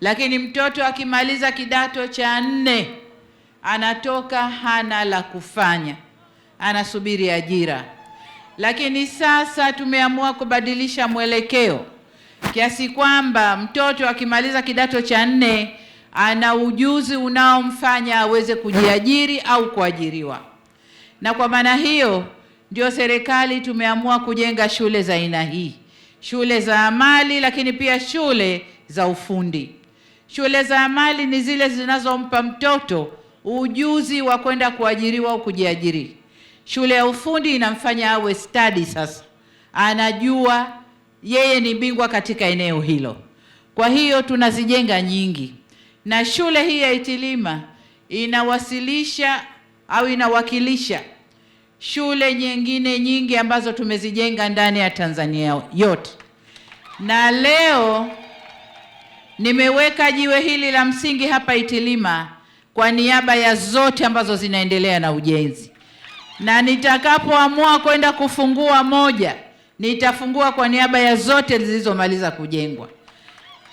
lakini mtoto akimaliza kidato cha nne anatoka hana la kufanya, anasubiri ajira. Lakini sasa tumeamua kubadilisha mwelekeo kiasi kwamba mtoto akimaliza kidato cha nne ana ujuzi unaomfanya aweze kujiajiri au kuajiriwa, na kwa maana hiyo ndio serikali tumeamua kujenga shule za aina hii, shule za amali, lakini pia shule za ufundi. Shule za amali ni zile zinazompa mtoto ujuzi wa kwenda kuajiriwa au kujiajiri. Shule ya ufundi inamfanya awe stadi, sasa anajua yeye ni bingwa katika eneo hilo. Kwa hiyo tunazijenga nyingi, na shule hii ya Itilima inawasilisha au inawakilisha shule nyingine nyingi ambazo tumezijenga ndani ya Tanzania yote, na leo Nimeweka jiwe hili la msingi hapa Itilima kwa niaba ya zote ambazo zinaendelea na ujenzi, na nitakapoamua kwenda kufungua moja, nitafungua kwa niaba ya zote zilizomaliza kujengwa.